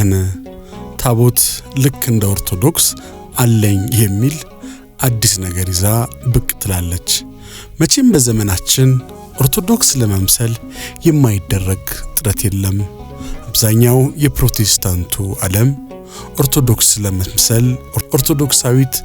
ካህን ታቦት ልክ እንደ ኦርቶዶክስ አለኝ የሚል አዲስ ነገር ይዛ ብቅ ትላለች። መቼም በዘመናችን ኦርቶዶክስ ለመምሰል የማይደረግ ጥረት የለም። አብዛኛው የፕሮቴስታንቱ ዓለም ኦርቶዶክስ ለመምሰል ኦርቶዶክሳዊት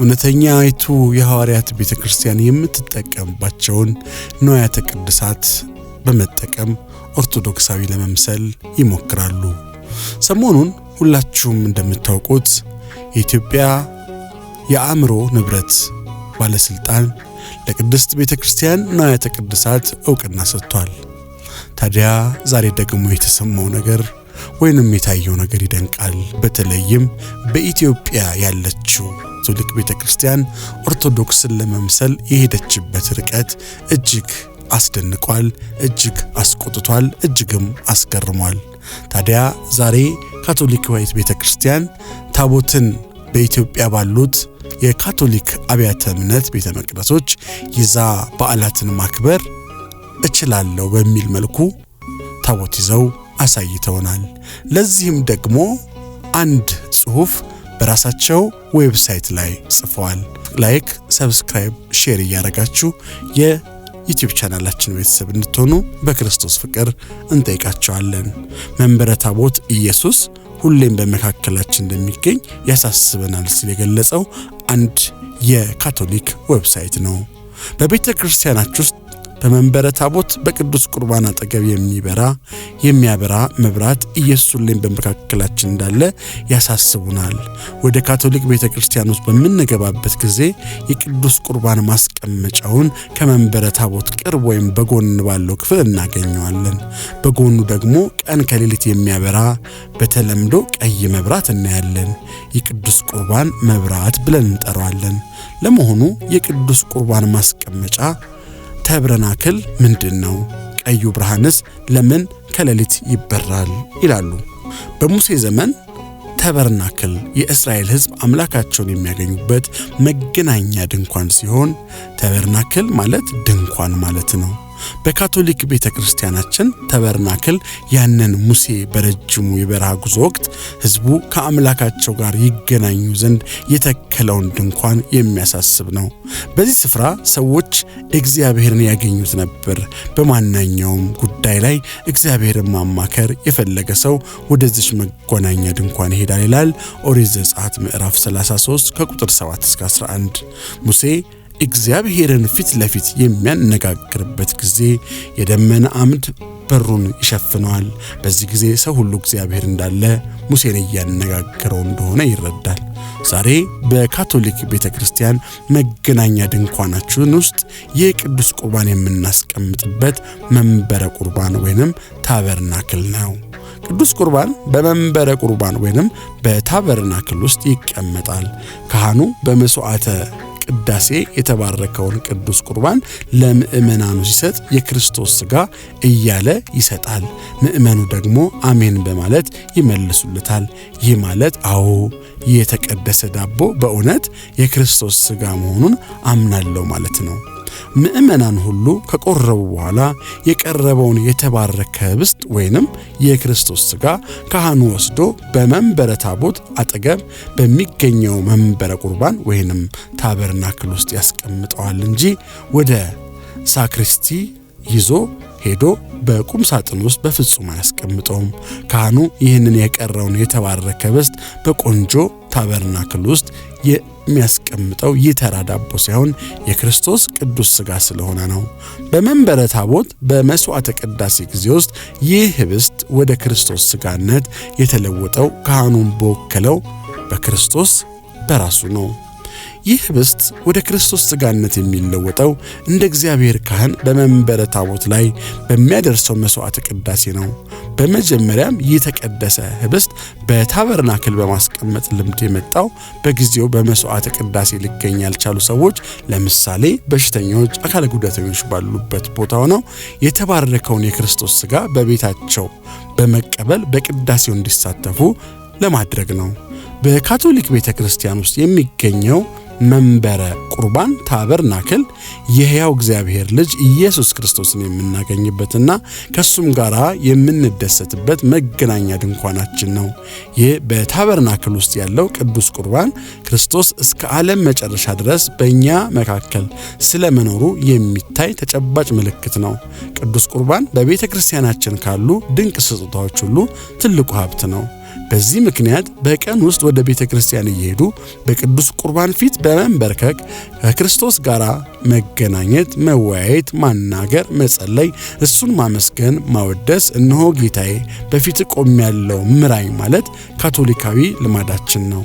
እውነተኛይቱ የሐዋርያት ቤተ ክርስቲያን የምትጠቀምባቸውን ንዋያተ ቅድሳት በመጠቀም ኦርቶዶክሳዊ ለመምሰል ይሞክራሉ። ሰሞኑን ሁላችሁም እንደምታውቁት የኢትዮጵያ የአእምሮ ንብረት ባለስልጣን ለቅድስት ቤተ ክርስቲያን ንዋያተ ቅድሳት እውቅና ሰጥቷል። ታዲያ ዛሬ ደግሞ የተሰማው ነገር ወይንም የታየው ነገር ይደንቃል። በተለይም በኢትዮጵያ ያለችው ካቶሊክ ቤተ ክርስቲያን ኦርቶዶክስን ለመምሰል የሄደችበት ርቀት እጅግ አስደንቋል፣ እጅግ አስቆጥቷል፣ እጅግም አስገርሟል። ታዲያ ዛሬ ካቶሊክ ቤተ ክርስቲያን ታቦትን በኢትዮጵያ ባሉት የካቶሊክ አብያተ እምነት ቤተ መቅደሶች ይዛ በዓላትን ማክበር እችላለሁ በሚል መልኩ ታቦት ይዘው አሳይተውናል። ለዚህም ደግሞ አንድ ጽሑፍ በራሳቸው ዌብሳይት ላይ ጽፈዋል። ላይክ፣ ሰብስክራይብ፣ ሼር እያደረጋችሁ ዩቲዩብ ቻናላችን ቤተሰብ እንድትሆኑ በክርስቶስ ፍቅር እንጠይቃቸዋለን። መንበረ ታቦት ኢየሱስ ሁሌም በመካከላችን እንደሚገኝ ያሳስበናል ሲል የገለጸው አንድ የካቶሊክ ዌብሳይት ነው። በቤተ ክርስቲያናችሁ ውስጥ በመንበረ ታቦት በቅዱስ ቁርባን አጠገብ የሚበራ የሚያበራ መብራት ኢየሱስ ሁሌም በመካከላችን እንዳለ ያሳስቡናል። ወደ ካቶሊክ ቤተ ክርስቲያን ውስጥ በምንገባበት ጊዜ የቅዱስ ቁርባን ማስቀመጫውን ከመንበረ ታቦት ቅርብ ወይም በጎን ባለው ክፍል እናገኘዋለን። በጎኑ ደግሞ ቀን ከሌሊት የሚያበራ በተለምዶ ቀይ መብራት እናያለን። የቅዱስ ቁርባን መብራት ብለን እንጠራዋለን። ለመሆኑ የቅዱስ ቁርባን ማስቀመጫ ተብረናክል ምንድን ነው? ቀዩ ብርሃንስ ለምን ከሌሊት ይበራል? ይላሉ። በሙሴ ዘመን ተበርናክል የእስራኤል ሕዝብ አምላካቸውን የሚያገኙበት መገናኛ ድንኳን ሲሆን ተበርናክል ማለት ድንኳን ማለት ነው። በካቶሊክ ቤተ ክርስቲያናችን ተበርናክል ያንን ሙሴ በረጅሙ የበረሃ ጉዞ ወቅት ሕዝቡ ከአምላካቸው ጋር ይገናኙ ዘንድ የተከለውን ድንኳን የሚያሳስብ ነው። በዚህ ስፍራ ሰዎች እግዚአብሔርን ያገኙት ነበር። በማናኛውም ጉዳይ ላይ እግዚአብሔርን ማማከር የፈለገ ሰው ወደዚች መጎናኛ ድንኳን ይሄዳል ይላል ኦሪት ዘጸአት ምዕራፍ 33 ከቁጥር 7 እስከ 11 ሙሴ እግዚአብሔርን ፊት ለፊት የሚያነጋግርበት ጊዜ የደመና አምድ በሩን ይሸፍነዋል። በዚህ ጊዜ ሰው ሁሉ እግዚአብሔር እንዳለ ሙሴን እያነጋገረው እንደሆነ ይረዳል። ዛሬ በካቶሊክ ቤተ ክርስቲያን መገናኛ ድንኳናችን ውስጥ የቅዱስ ቁርባን የምናስቀምጥበት መንበረ ቁርባን ወይንም ታበርናክል ነው። ቅዱስ ቁርባን በመንበረ ቁርባን ወይንም በታበርናክል ውስጥ ይቀመጣል። ካህኑ በመሥዋዕተ ቅዳሴ የተባረከውን ቅዱስ ቁርባን ለምእመናኑ ሲሰጥ የክርስቶስ ሥጋ እያለ ይሰጣል። ምእመኑ ደግሞ አሜን በማለት ይመልሱለታል። ይህ ማለት አዎ የተቀደሰ ዳቦ በእውነት የክርስቶስ ሥጋ መሆኑን አምናለሁ ማለት ነው። ምእመናን ሁሉ ከቆረቡ በኋላ የቀረበውን የተባረከ ብስት ወይንም የክርስቶስ ሥጋ ካህኑ ወስዶ በመንበረ ታቦት አጠገብ በሚገኘው መንበረ ቁርባን ወይንም ታበርናክል ውስጥ ያስቀምጠዋል እንጂ ወደ ሳክሪስቲ ይዞ ሄዶ በቁም ሳጥን ውስጥ በፍጹም አያስቀምጠውም። ካህኑ ይህንን የቀረውን የተባረከ ህብስት በቆንጆ ታበርናክል ውስጥ የሚያስ የተቀምጠው ይህ ተራ ዳቦ ሳይሆን የክርስቶስ ቅዱስ ሥጋ ስለሆነ ነው። በመንበረ ታቦት በመሥዋዕተ ቅዳሴ ጊዜ ውስጥ ይህ ህብስት ወደ ክርስቶስ ሥጋነት የተለወጠው ካህኑን በወከለው በክርስቶስ በራሱ ነው። ይህ ህብስት ወደ ክርስቶስ ሥጋነት የሚለወጠው እንደ እግዚአብሔር ካህን በመንበረ ታቦት ላይ በሚያደርሰው መሥዋዕተ ቅዳሴ ነው። በመጀመሪያም የተቀደሰ ተቀደሰ ህብስት በታበርናክል በማስቀመጥ ልምድ የመጣው በጊዜው በመሥዋዕተ ቅዳሴ ሊገኝ ያልቻሉ ሰዎች ለምሳሌ በሽተኞች፣ አካለ ጉዳተኞች ባሉበት ቦታ ሆነው የተባረከውን የክርስቶስ ሥጋ በቤታቸው በመቀበል በቅዳሴው እንዲሳተፉ ለማድረግ ነው። በካቶሊክ ቤተ ክርስቲያን ውስጥ የሚገኘው መንበረ ቁርባን ታበርናክል የሕያው እግዚአብሔር ልጅ ኢየሱስ ክርስቶስን የምናገኝበትና ከእሱም ጋር የምንደሰትበት መገናኛ ድንኳናችን ነው። ይህ በታበርናክል ውስጥ ያለው ቅዱስ ቁርባን ክርስቶስ እስከ ዓለም መጨረሻ ድረስ በእኛ መካከል ስለመኖሩ የሚታይ ተጨባጭ ምልክት ነው። ቅዱስ ቁርባን በቤተ ክርስቲያናችን ካሉ ድንቅ ስጦታዎች ሁሉ ትልቁ ሀብት ነው። በዚህ ምክንያት በቀን ውስጥ ወደ ቤተ ክርስቲያን እየሄዱ በቅዱስ ቁርባን ፊት በመንበርከክ ከክርስቶስ ጋር መገናኘት፣ መወያየት፣ ማናገር፣ መጸለይ፣ እሱን ማመስገን፣ ማወደስ፣ እነሆ ጌታዬ በፊት ያለው ምራኝ ማለት ካቶሊካዊ ልማዳችን ነው።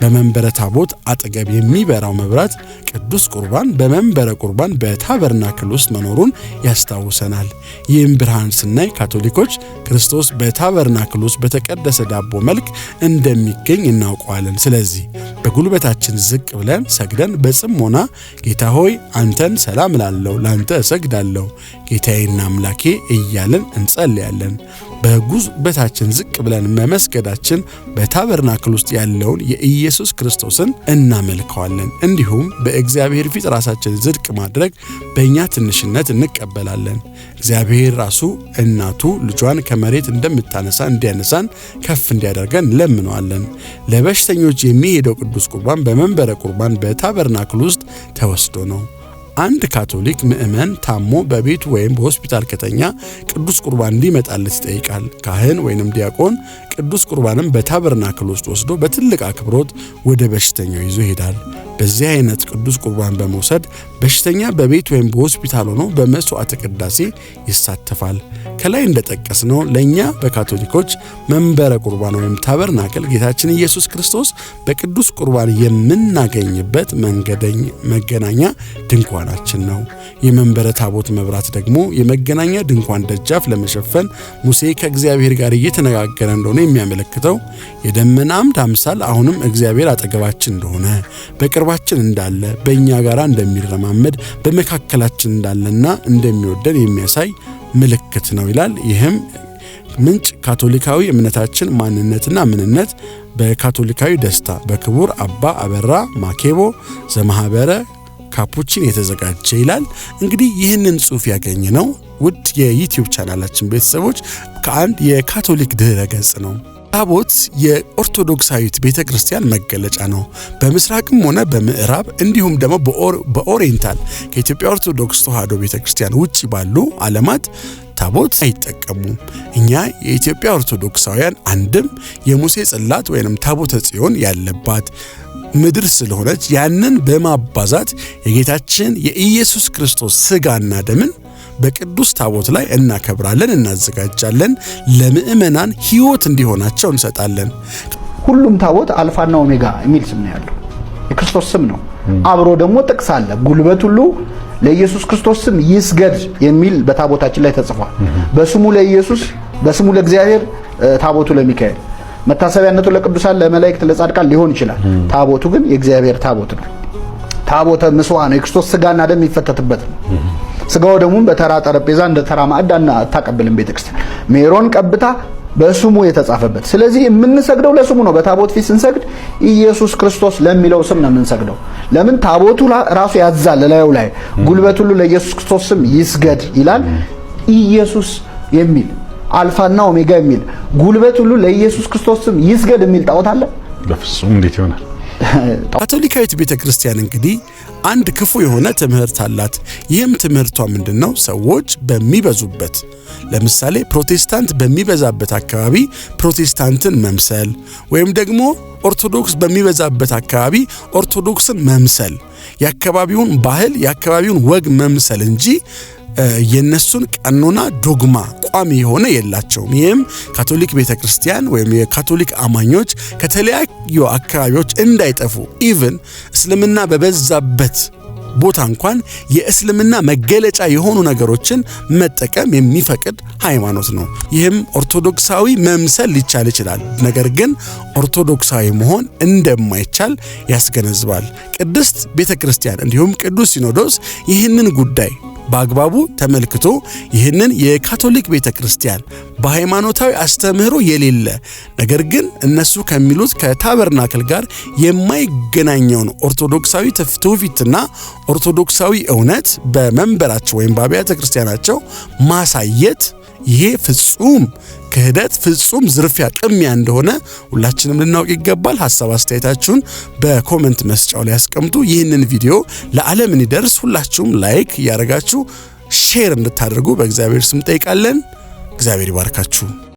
በመንበረ ታቦት አጠገብ የሚበራው መብራት ቅዱስ ቁርባን በመንበረ ቁርባን በታበርናክል ውስጥ መኖሩን ያስታውሰናል። ይህም ብርሃን ስናይ ካቶሊኮች ክርስቶስ በታበርናክል ውስጥ በተቀደሰ ዳቦ መልክ እንደሚገኝ እናውቀዋለን። ስለዚህ በጉልበታችን ዝቅ ብለን ሰግደን በጽሞና ጌታ ሆይ አንተን ሰላም ላለው ላንተ እሰግዳለሁ፣ ጌታዬና አምላኬ እያለን እንጸልያለን። በጉልበታችን ዝቅ ብለን መመስገዳችን በታበርናክል ውስጥ ያለውን የኢየሱስ ክርስቶስን እናመልከዋለን። እንዲሁም በእግዚአብሔር ፊት ራሳችን ዝቅ ማድረግ በእኛ ትንሽነት እንቀበላለን። እግዚአብሔር ራሱ እናቱ ልጇን ከመሬት እንደምታነሳ እንዲያነሳን ከፍ እንዲያደርገን ለምነዋለን። ለበሽተኞች የሚሄደው ቅዱስ ቁርባን በመንበረ ቁርባን በታበርናክል ውስጥ ተወስዶ ነው። አንድ ካቶሊክ ምዕመን ታሞ በቤት ወይም በሆስፒታል ከተኛ ቅዱስ ቁርባን እንዲመጣለት ይጠይቃል። ካህን ወይንም ዲያቆን ቅዱስ ቁርባንም በታበርናክል ውስጥ ወስዶ በትልቅ አክብሮት ወደ በሽተኛው ይዞ ይሄዳል። በዚህ አይነት ቅዱስ ቁርባን በመውሰድ በሽተኛ በቤት ወይም በሆስፒታል ሆኖ በመስዋዕተ ቅዳሴ ይሳተፋል። ከላይ እንደጠቀስነው ለእኛ በካቶሊኮች መንበረ ቁርባን ወይም ታበርናክል ጌታችን ኢየሱስ ክርስቶስ በቅዱስ ቁርባን የምናገኝበት መንገደኝ መገናኛ ድንኳናችን ነው። የመንበረ ታቦት መብራት ደግሞ የመገናኛ ድንኳን ደጃፍ ለመሸፈን ሙሴ ከእግዚአብሔር ጋር እየተነጋገረ እንደሆነ የሚያመለክተው የደመና አምድ አምሳል አሁንም እግዚአብሔር አጠገባችን እንደሆነ በቅርባችን እንዳለ በእኛ ጋር እንደሚረማመድ በመካከላችን እንዳለና እንደሚወደን የሚያሳይ ምልክት ነው ይላል። ይህም ምንጭ ካቶሊካዊ እምነታችን ማንነትና ምንነት በካቶሊካዊ ደስታ በክቡር አባ አበራ ማኬቦ ዘማኅበረ ካፑቺን የተዘጋጀ ይላል። እንግዲህ ይህንን ጽሑፍ ያገኘ ነው ውድ የዩትዩብ ቻናላችን ቤተሰቦች ከአንድ የካቶሊክ ድህረ ገጽ ነው። ታቦት የኦርቶዶክሳዊት ቤተ ክርስቲያን መገለጫ ነው። በምስራቅም ሆነ በምዕራብ እንዲሁም ደግሞ በኦሪየንታል ከኢትዮጵያ ኦርቶዶክስ ተዋህዶ ቤተ ክርስቲያን ውጭ ባሉ ዓለማት ታቦት አይጠቀሙም። እኛ የኢትዮጵያ ኦርቶዶክሳውያን አንድም የሙሴ ጽላት ወይንም ታቦተ ጽዮን ያለባት ምድር ስለሆነች ያንን በማባዛት የጌታችን የኢየሱስ ክርስቶስ ስጋና ደምን በቅዱስ ታቦት ላይ እናከብራለን፣ እናዘጋጃለን። ለምእመናን ሕይወት እንዲሆናቸው እንሰጣለን። ሁሉም ታቦት አልፋና ኦሜጋ የሚል ስም ነው ያለው። የክርስቶስ ስም ነው። አብሮ ደግሞ ጥቅስ አለ። ጉልበት ሁሉ ለኢየሱስ ክርስቶስ ስም ይስገድ የሚል በታቦታችን ላይ ተጽፏል። በስሙ ለኢየሱስ፣ በስሙ ለእግዚአብሔር፣ ታቦቱ ለሚካኤል፣ መታሰቢያነቱ ለቅዱሳን፣ ለመላእክት፣ ለጻድቃን ሊሆን ይችላል። ታቦቱ ግን የእግዚአብሔር ታቦት ነው። ታቦተ ምስዋ ነው። የክርስቶስ ስጋና ደም የሚፈተትበት ነው። ስጋው ደሙን በተራ ጠረጴዛ እንደ ተራ ማዕድ አታቀብልም ቤተክርስቲያን። ሜሮን ቀብታ በስሙ የተጻፈበት። ስለዚህ የምንሰግደው ለስሙ ነው። በታቦት ፊት ስንሰግድ ኢየሱስ ክርስቶስ ለሚለው ስም ነው የምንሰግደው። ለምን ታቦቱ ራሱ ያዛል። ለላዩ ላይ ጉልበት ሁሉ ለኢየሱስ ክርስቶስ ስም ይስገድ ይላል። ኢየሱስ የሚል አልፋና ኦሜጋ የሚል ጉልበት ሁሉ ለኢየሱስ ክርስቶስ ስም ይስገድ የሚል ጣዖት አለ? በፍጹም እንዴት ይሆናል? ካቶሊካዊት ቤተ ክርስቲያን እንግዲህ አንድ ክፉ የሆነ ትምህርት አላት። ይህም ትምህርቷ ምንድን ነው? ሰዎች በሚበዙበት ለምሳሌ ፕሮቴስታንት በሚበዛበት አካባቢ ፕሮቴስታንትን መምሰል ወይም ደግሞ ኦርቶዶክስ በሚበዛበት አካባቢ ኦርቶዶክስን መምሰል፣ የአካባቢውን ባህል የአካባቢውን ወግ መምሰል እንጂ የነሱን ቀኖና ዶግማ ቋሚ የሆነ የላቸውም። ይህም ካቶሊክ ቤተ ክርስቲያን ወይም የካቶሊክ አማኞች ከተለያዩ አካባቢዎች እንዳይጠፉ ኢቭን እስልምና በበዛበት ቦታ እንኳን የእስልምና መገለጫ የሆኑ ነገሮችን መጠቀም የሚፈቅድ ሃይማኖት ነው። ይህም ኦርቶዶክሳዊ መምሰል ሊቻል ይችላል፣ ነገር ግን ኦርቶዶክሳዊ መሆን እንደማይቻል ያስገነዝባል። ቅድስት ቤተ ክርስቲያን እንዲሁም ቅዱስ ሲኖዶስ ይህንን ጉዳይ በአግባቡ ተመልክቶ ይህንን የካቶሊክ ቤተ ክርስቲያን በሃይማኖታዊ አስተምህሮ የሌለ ነገር ግን እነሱ ከሚሉት ከታበርናክል ጋር የማይገናኘውን ኦርቶዶክሳዊ ትውፊትና ኦርቶዶክሳዊ እውነት በመንበራቸው ወይም በአብያተ ክርስቲያናቸው ማሳየት ይሄ ፍጹም ክህደት፣ ፍጹም ዝርፊያ፣ ቅሚያ እንደሆነ ሁላችንም ልናውቅ ይገባል። ሀሳብ አስተያየታችሁን በኮመንት መስጫው ላይ ያስቀምጡ። ይህንን ቪዲዮ ለዓለም እንዲደርስ ሁላችሁም ላይክ እያደረጋችሁ ሼር እንድታደርጉ በእግዚአብሔር ስም ጠይቃለን። እግዚአብሔር ይባርካችሁ።